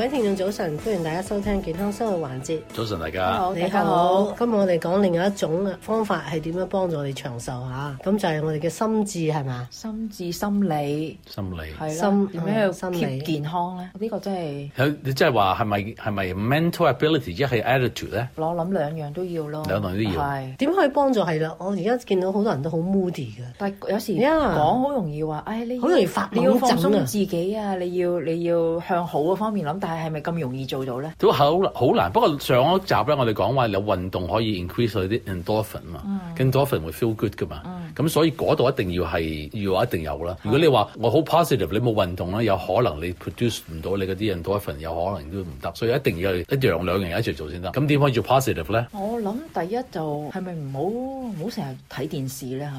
各位聽眾早晨，歡迎大家收聽健康生活環節。早晨，大家好，Hello, 你好。今日我哋講另外一種方法，係點樣幫助我哋長壽吓？咁就係我哋嘅心智係嘛？心智、心理、心理，係啦，點樣要 keep 健康咧？呢、這個真係，你即係話係咪係咪 mental ability 一係 attitude 咧？是是是是我諗兩樣都要咯，兩樣都要。係點可以幫助係啦？我而家見到好多人都好 moody 嘅，但係有時講好、yeah. 容易話，哎呢，好容易發火，你要放鬆，你要放鬆自己啊！啊你要你要向好嘅方面諗，係咪咁容易做到咧？都好難，好難。不過上一集咧，我哋講話有運動可以 increase 你啲 endorphin 嘛、嗯、endorphin 會 feel good 噶嘛。咁、嗯、所以嗰度一定要係，要一定有啦。嗯、如果你話我好 positive，你冇運動呢，有可能你 produce 唔到你嗰啲 endorphin，有可能都唔得、嗯。所以一定要一樣兩樣一樣一齊做先得。咁點可以做 positive 咧？我諗第一就係咪唔好唔好成日睇電視咧？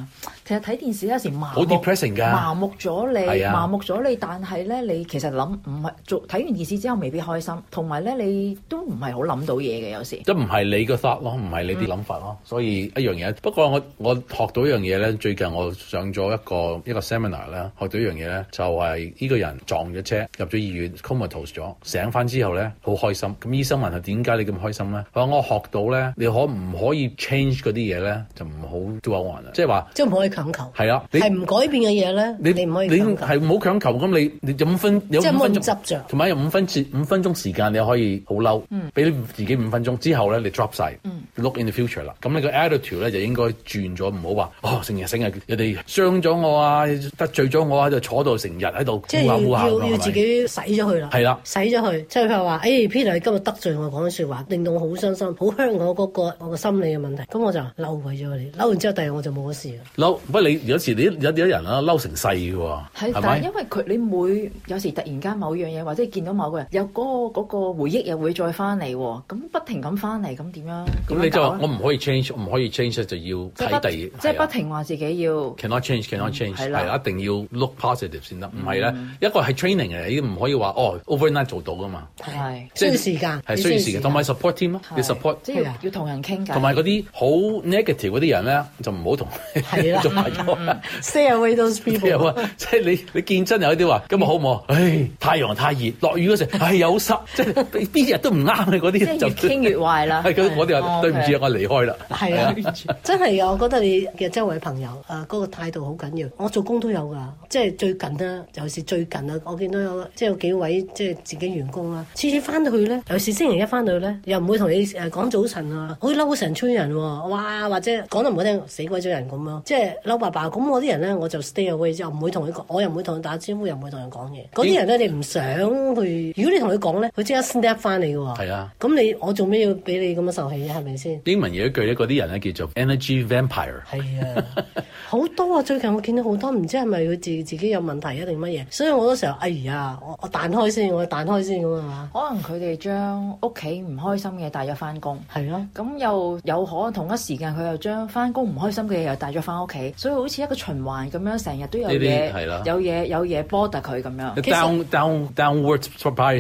其實睇電視有時麻木，好 depressing 㗎，麻木咗你、啊，麻木咗你。但係咧，你其實諗唔係做睇完電視之後未必開心，同埋咧，你都唔係好諗到嘢嘅，有時。都唔係你個 thought 咯，唔係你啲諗法咯、嗯，所以一樣嘢。不過我我學到一樣嘢咧，最近我上咗一個一個 seminar 咧，學到一樣嘢咧，就係、是、呢個人撞咗車入咗醫院，comatose 咗，醒翻之後咧，好開心。咁醫生問佢點解你咁開心咧？佢話我學到咧，你可唔可以 change 嗰啲嘢咧？就唔好 do anything 啦，即係話即唔可以強求、啊、可以求強求，係啊，係唔改變嘅嘢咧，你唔可以，你係唔好強求咁，你你五分，即係唔可以執著，同埋有，有五分次。五分鐘時間你可以好嬲，俾你、嗯、自己五分鐘之後咧，你 drop 晒、嗯、，look in the future 啦。咁你個 attitude 咧就應該轉咗，唔好話哦，成日成日人哋傷咗我啊，得罪咗我喺、啊、度坐到成日喺度，即係要要是是要自己洗咗佢啦。係啦，洗咗佢，即係佢話誒，Peter 你今日得罪我講嘅說話，令到我好傷心，好香我嗰、那個我個心理嘅問題。咁我就嬲為咗你，嬲完之後，第日我就冇事啦。嬲不過你有時你有啲人啊？嬲成世㗎喎，係但係因為佢你每有時突然間某樣嘢或者見到某個人。有嗰、那個嗰、那個、回憶又會再翻嚟喎，咁不停咁翻嚟，咁點樣？咁你就話我唔可以 change，我唔可以 change，就要睇第二。即係不，、啊、不停話自己要。Cannot change，cannot change，係啦、嗯啊，一定要 look positive 先得。唔係咧，一個係 training 嘅，你唔可以話哦 overnight 做到噶嘛。係。需要時間。係需要時間，同埋 support team 咯、啊，你 support。即係要同人傾偈。同埋嗰啲好 negative 嗰啲人咧，就唔好同。係 啦是的。 Stay away those people away。 啊，即係你你見真有啲話，今日好唔好？唉， 太陽太熱，落雨嗰時。係、哎、有濕，即係邊日都唔啱嘅嗰啲就。即係越傾越壞啦。係我哋話對唔住、啊，我離開啦。係啊，啊 真係啊，我覺得你嘅周圍朋友啊，嗰、呃嗰個態度好緊要。我做工都有㗎，即係最近啊，尤其是最近啊。我見到有即係有幾位即係自己員工啦，次次翻到去咧，有時星期一翻到去咧，又唔會同你誒講早晨啊，可以嬲成村人喎，哇、呃、或者講得唔好聽，死鬼咗人咁咯，即係嬲爸爸咁。我啲人咧，我就 stay away 之後唔會同佢講，我又唔會同佢打招呼，又唔會同 人講嘢。嗰啲人咧，你唔想去。如果你同佢講咧，佢即刻 snap 翻你嘅喎。係啊，咁你我做咩要俾你咁樣受氣啊？係咪先？英文嘢一句咧，嗰啲人咧叫做 energy vampire。係啊， 好多啊！最近我見到好多不道是不是，唔知係咪佢自自己有問題一定乜嘢？所以我嗰時候，哎呀，我我彈開先，我彈開先咁啊嘛。可能佢哋將屋企唔開心嘅帶咗翻工。係咯、啊。咁又有可同一時間，佢又將翻工唔開心嘅嘢又帶咗翻屋企，所以好似一個循環咁樣，成日都有嘢、啊，有嘢，有嘢 bother 佢咁樣。Down, down, downward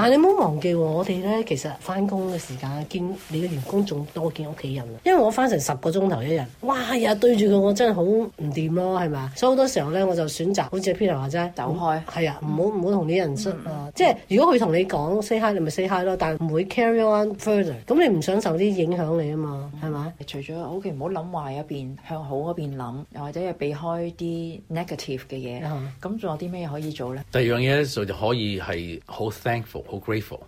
但係你唔好忘記喎，我哋咧其實翻工嘅時間見你嘅員工仲多見屋企人因為我翻成十個鐘頭一日，哇！日日對住佢，我真係好唔掂咯，係咪啊？所以好多時候咧，我就選擇好似 Peter 話齋走開，係、嗯、啊，唔好唔好同啲人出啊、嗯嗯。即係如果佢同你講 say hi，你咪 say hi 咯，但唔會 carry on further。咁你唔想受啲影響你啊嘛，係咪除咗 OK，唔好諗壞一邊，向好嗰邊諗，又或者係避開啲 negative 嘅嘢。咁、嗯、仲有啲咩可以做咧？第二樣嘢咧就就可以係好 thankful。好 grateful，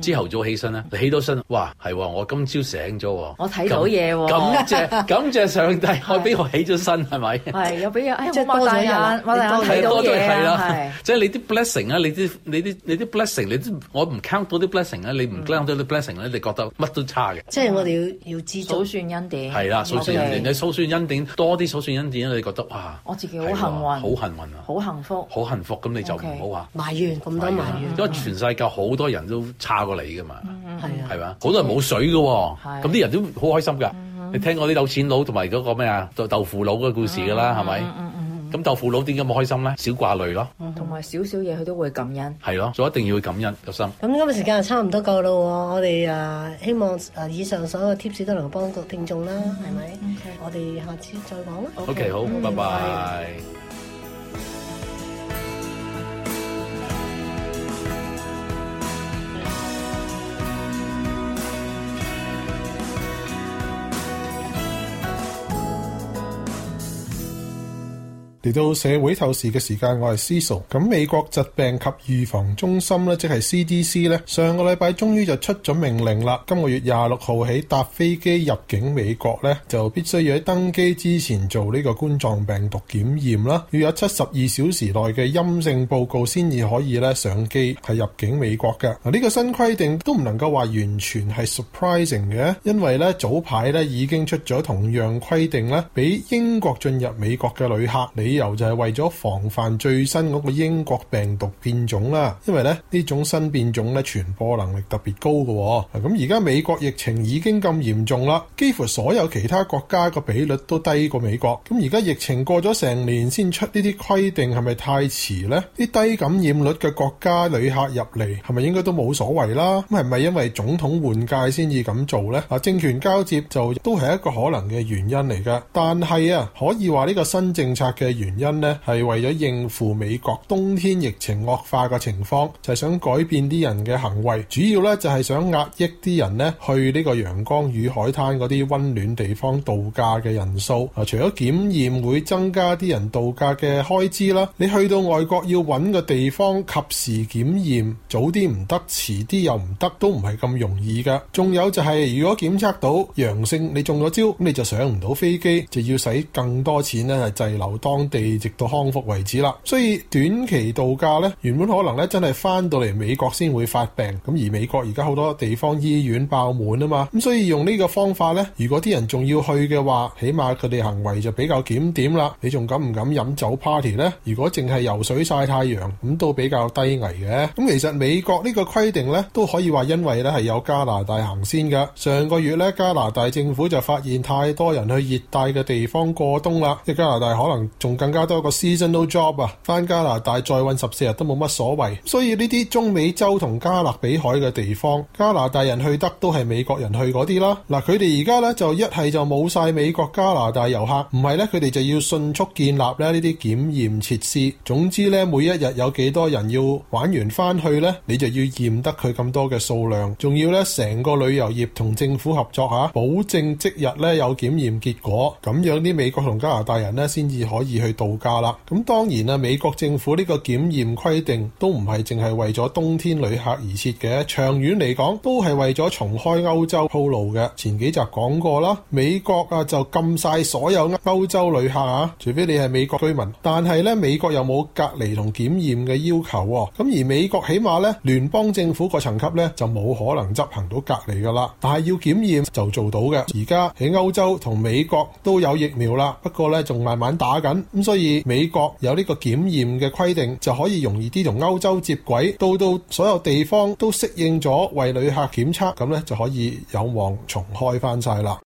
之後早起身咧，你起到身，哇，係喎，我今朝醒咗喎，我睇到嘢喎，感謝感謝上帝，佢俾我起咗身，係咪？係又俾我，哎，我多咗人，我又睇到嘢，係，即係你啲 blessing 啊，你啲你啲你啲 blessing，你都我唔 count 到啲 blessing 咧，你唔 count 到啲 blessing 咧，你覺得乜都差嘅。即係我哋要要數算恩典，係啦，數算恩典，你數算恩典多啲數算恩典，你覺得哇，我自己好幸運，好幸運啊，好幸福，好幸福，咁你就唔好話埋怨咁多埋怨，因為全世界好。好多人都差過你噶嘛，係、嗯、嘛？好、啊、多人冇水噶、哦，咁啲、啊、人都好開心噶。你聽過啲有錢佬同埋嗰個咩啊豆，豆腐佬嘅故事噶啦，係、嗯、咪？咁、嗯、豆腐佬點解冇開心咧？少掛累咯，同埋少少嘢佢都會感恩，係咯、啊，所以一定要感恩有心。咁今日時間就差唔多夠咯，我哋啊希望以上所有 tips 都能夠幫到聽眾啦，係咪？Okay. 我哋下次再講啦。OK，okay 好，拜、嗯、拜。Bye bye 嚟到社會透視嘅時間，我係思。咁美國疾病及預防中心咧，即係 CDC 咧，上個禮拜終於就出咗命令啦。今個月廿六號起搭飛機入境美國咧，就必須要喺登機之前做呢個冠狀病毒檢驗啦，要有七十二小時內嘅陰性報告先至可以咧上機入境美國嘅。嗱，呢個新規定都唔能夠話完全係 surprising 嘅，因為咧早排咧已經出咗同樣規定咧，俾英國進入美國嘅旅客你。由就係為咗防範最新嗰個英國病毒變種啦，因為咧呢種新變種咧傳播能力特別高噶。咁而家美國疫情已經咁嚴重啦，幾乎所有其他國家個比率都低過美國。咁而家疫情過咗成年先出呢啲規定，係咪太遲呢？啲低感染率嘅國家旅客入嚟，係咪應該都冇所謂啦？咁係咪因為總統換屆先至咁做呢？啊，政權交接就都係一個可能嘅原因嚟噶。但係啊，可以話呢個新政策嘅原。原因呢，係為咗應付美國冬天疫情惡化嘅情況，就係想改變啲人嘅行為，主要呢，就係想壓抑啲人呢去呢個陽光與海灘嗰啲溫暖地方度假嘅人數。啊，除咗檢驗會增加啲人度假嘅開支啦，你去到外國要揾個地方及時檢驗，早啲唔得，遲啲又唔得，都唔係咁容易噶。仲有就係如果檢測到陽性，你中咗招，咁你就上唔到飛機，就要使更多錢呢，係滯留當地。地直到康復為止啦，所以短期度假呢，原本可能咧真係翻到嚟美國先會發病，咁而美國而家好多地方醫院爆滿啊嘛，咁所以用呢個方法呢，如果啲人仲要去嘅話，起碼佢哋行為就比較檢點啦。你仲敢唔敢飲酒 party 呢？如果淨係游水晒太陽，咁都比較低危嘅。咁其實美國呢個規定呢，都可以話因為咧係有加拿大行先㗎。上個月咧，加拿大政府就發現太多人去熱帶嘅地方過冬啦，即加拿大可能仲。更加多個 seasonal job 啊，翻加拿大再揾十四日都冇乜所謂，所以呢啲中美洲同加勒比海嘅地方，加拿大人去得都係美國人去嗰啲啦。嗱，佢哋而家呢就一係就冇晒美國加拿大遊客，唔係呢，佢哋就要迅速建立咧呢啲檢驗設施。總之呢，每一日有幾多人要玩完翻去呢，你就要驗得佢咁多嘅數量，仲要呢成個旅遊業同政府合作吓，保證即日呢有檢驗結果，咁樣啲美國同加拿大人呢，先至可以。去度假啦，咁當然啦、啊，美國政府呢個檢驗規定都唔係淨係為咗冬天旅客而設嘅，長遠嚟講都係為咗重開歐洲鋪路嘅。前幾集講過啦，美國啊就禁晒所有歐洲旅客啊，除非你係美國居民。但係咧，美國又冇隔離同檢驗嘅要求，咁而美國起碼咧，聯邦政府個層級咧就冇可能執行到隔離噶啦。但係要檢驗就做到嘅。而家喺歐洲同美國都有疫苗啦，不過咧仲慢慢打緊。咁所以美國有呢個檢驗嘅規定，就可以容易啲同歐洲接軌。到到所有地方都適應咗為旅客檢測，咁咧就可以有望重開翻曬啦。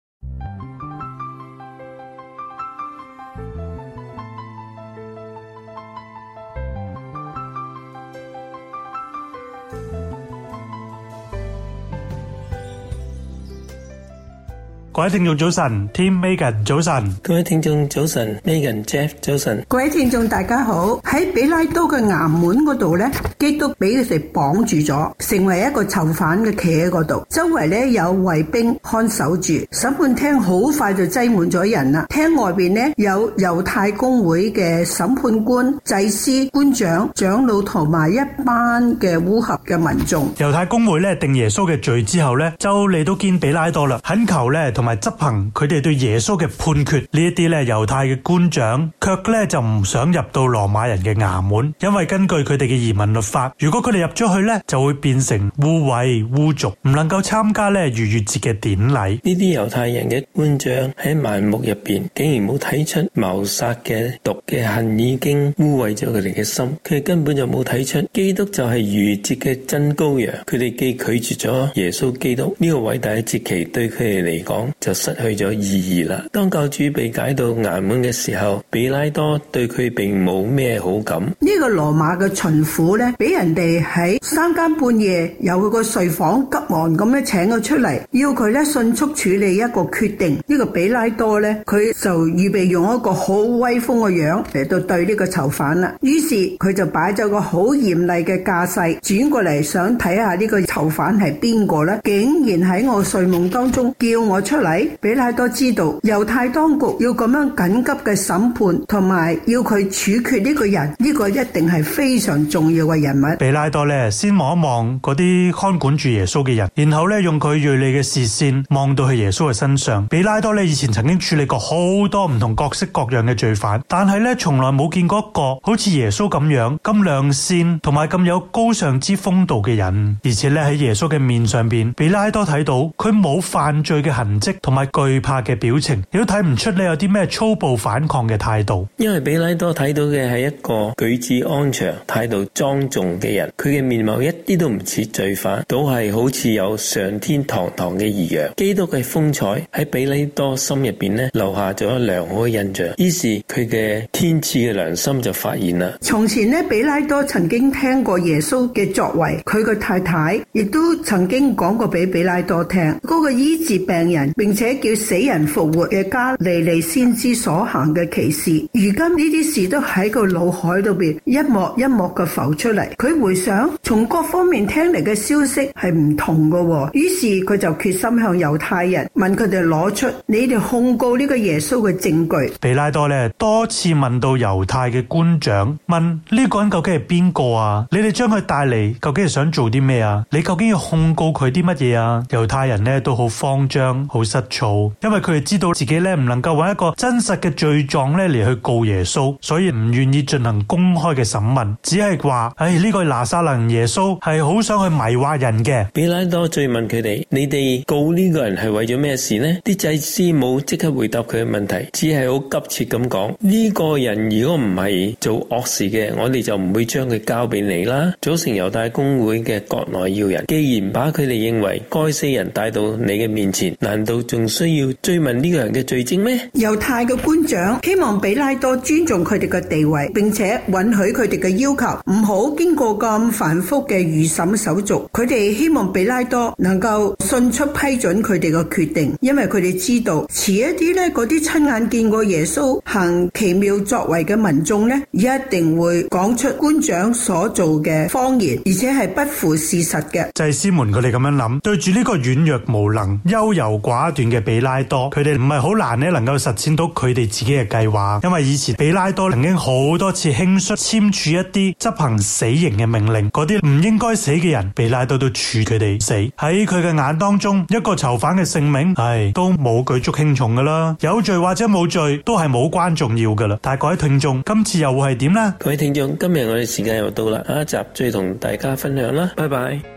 各位聽眾早晨，Tim Megan 早晨，各位聽眾早晨，Megan Jeff 早晨，各位聽眾大家好。喺彼拉多嘅衙門嗰度咧，基督俾佢哋綁住咗，成為一個囚犯，嘅企喺嗰度，周圍咧有衛兵看守住。審判廳好快就擠滿咗人啦。廳外邊咧有猶太公會嘅審判官、祭司、官長、長老同埋一班嘅烏合嘅民眾。猶太公會咧定耶穌嘅罪之後咧，就嚟到見彼拉多啦，懇求咧同。埋執行佢哋對耶穌嘅判決呢一啲咧，猶太嘅官長卻咧就唔想入到羅馬人嘅衙門，因為根據佢哋嘅移民律法，如果佢哋入咗去咧，就會變成污穢污族，唔能夠參加咧逾越節嘅典禮。呢啲猶太人嘅官長喺盲目入邊，竟然冇睇出謀殺嘅毒嘅恨已經污穢咗佢哋嘅心，佢根本就冇睇出基督就係逾越節嘅真羔羊。佢哋既拒絕咗耶穌基督呢個偉大嘅節期，對佢哋嚟講。就失去咗意義啦。當教主被解到衙門嘅時候，彼拉多對佢並冇咩好感。呢個羅馬嘅巡撫呢，俾人哋喺三更半夜由佢個睡房急忙咁樣請佢出嚟，要佢呢迅速處理一個決定。呢個彼拉多呢，佢就預備用一個好威風嘅樣嚟到對呢個囚犯啦。於是佢就擺咗個好嚴厲嘅架勢，轉過嚟想睇下呢個囚犯係邊個咧？竟然喺我睡夢當中叫我出。出嚟，彼拉多知道猶太當局要咁樣緊急嘅審判，同埋要佢處決呢個人，呢個一定係非常重要嘅人物。彼拉多咧，先望一望嗰啲看管住耶穌嘅人，然後咧用佢銳利嘅視線望到去耶穌嘅身上。彼拉多咧以前曾經處理過好多唔同各式各樣嘅罪犯，但係咧從來冇見過一個好似耶穌咁樣咁亮線，同埋咁有高尚之風度嘅人。而且咧喺耶穌嘅面上邊，彼拉多睇到佢冇犯罪嘅痕跡。同埋懼怕嘅表情，都睇唔出你有啲咩粗暴反抗嘅態度。因為彼拉多睇到嘅係一個舉止安詳、態度莊重嘅人，佢嘅面貌一啲都唔似罪犯，倒係好似有上天堂堂嘅異樣。基督嘅風采喺彼拉多心入邊呢，留下咗良好嘅印象。於是佢嘅天賜嘅良心就發現啦。從前呢，彼拉多曾經聽過耶穌嘅作為，佢嘅太太亦都曾經講過俾彼拉多聽嗰個醫治病人並且叫死人復活嘅加利利先知所行嘅奇事，如今呢啲事都喺佢腦海度邊一幕一幕嘅浮出嚟。佢回想從各方面聽嚟嘅消息係唔同嘅喎，於是佢就決心向猶太人問佢哋攞出你哋控告呢個耶穌嘅證據。彼拉多咧多次問到猶太嘅官長，問呢個人究竟係邊個啊？你哋將佢帶嚟，究竟係想做啲咩啊？你究竟要控告佢啲乜嘢啊？猶太人咧都好慌張，好失措，因為佢哋知道自己咧唔能夠揾一個真實嘅罪狀咧嚟去告耶穌，所以唔願意進行公開嘅審問，只係話，唉、哎，呢、這個拿撒勒耶穌係好想去迷惑人嘅。彼拉多追問佢哋，你哋告呢個人係為咗咩事呢？啲祭司冇即刻回答佢嘅問題，只係好急切咁講：呢、這個人如果唔係做惡事嘅，我哋就唔會將佢交俾你啦。組成猶太公會嘅國內要人，既然把佢哋認為該死人帶到你嘅面前，難道？仲需要追問呢個人嘅罪證咩？猶太嘅官長希望彼拉多尊重佢哋嘅地位，並且允許佢哋嘅要求，唔好經過咁繁複嘅預審手續。佢哋希望彼拉多能夠迅速批准佢哋嘅決定，因為佢哋知道遲一啲呢，嗰啲親眼見過耶穌行奇妙作為嘅民眾呢，一定會講出官長所做嘅謊言，而且係不符事實嘅。祭司們佢哋咁樣諗，對住呢個軟弱無能、優柔寡。階段嘅比拉多，佢哋唔係好難咧，能夠實現到佢哋自己嘅計劃。因為以前比拉多曾經好多次輕率簽署一啲執行死刑嘅命令，嗰啲唔應該死嘅人，比拉多都處佢哋死。喺佢嘅眼當中，一個囚犯嘅性命，係都冇舉足輕重噶啦。有罪或者冇罪，都係冇關重要噶啦。但係各位聽眾，今次又會係點呢？各位聽眾，今日我哋時間又到啦，下一集再同大家分享啦，拜拜。